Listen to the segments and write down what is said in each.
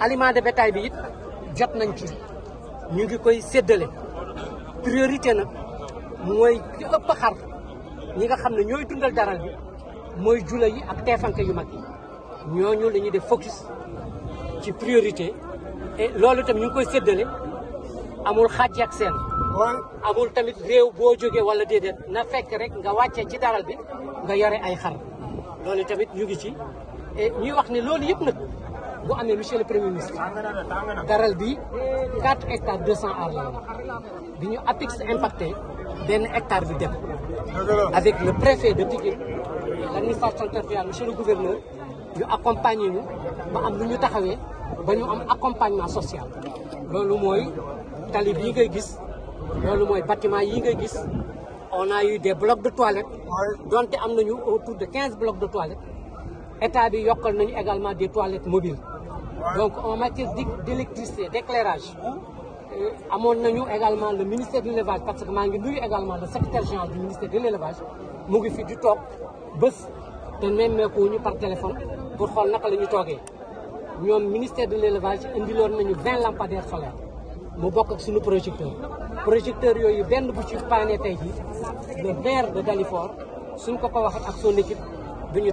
aliment de bétail bi it jot nañ ci ñu ngi koy séddale priorité na mooy ci xar ñi nga xam ne ñooy dundal daral bi mooy jula yi ak teefanke yu mag yi ñoo la ñuy def focus ci priorité loolu itam ñu ngi koy séddale amul xàjj ak seen amul tamit réew boo jógee wala déedéet na fekk rek nga wàccee ci daral bi nga yore ay xar loolu tamit ñu ngi ci et nous wax ne loolu yëpp nag le premier ministre daral bi 4 hectares 200 aar Nous avons impacté d'un hectare de dépôt. avec le préfet de Tiki. l'administration administration territoriale monsieur le gouverneur ñu accompagner ñu Nous am lu ñu accompagnement social. Nous avons eu les ngay gis loolu mooy bâtiment on a eu des blocs de toilettes Nous avons eu autour de 15 blocs de toilettes état bi également nañu également des toilettes mobiles donc en matière d'électricité d'éclairage euh, nous nañu également le ministère de l'élevage parce que ngi également le secrétaire général du ministère de l'élevage nous ngi fi du top, même te même ñu par téléphone pour faire naka la ñu avons Le ministère de l'élevage nous nañu 20 lampadaires solaires Nous avons ak suñu projecteur projecteur est benn bu ci paane de ji le verre de Dalifort suñ ko ko ak son équipe nous ñu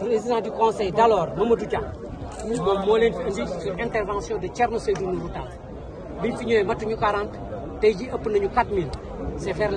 président du conseil d'alors Mamadou Dia moom moo leen fi intervention de Thierno Seydou Nourou Tall biñ fi 40 nous ji ëpp nañu 4000 c'est faire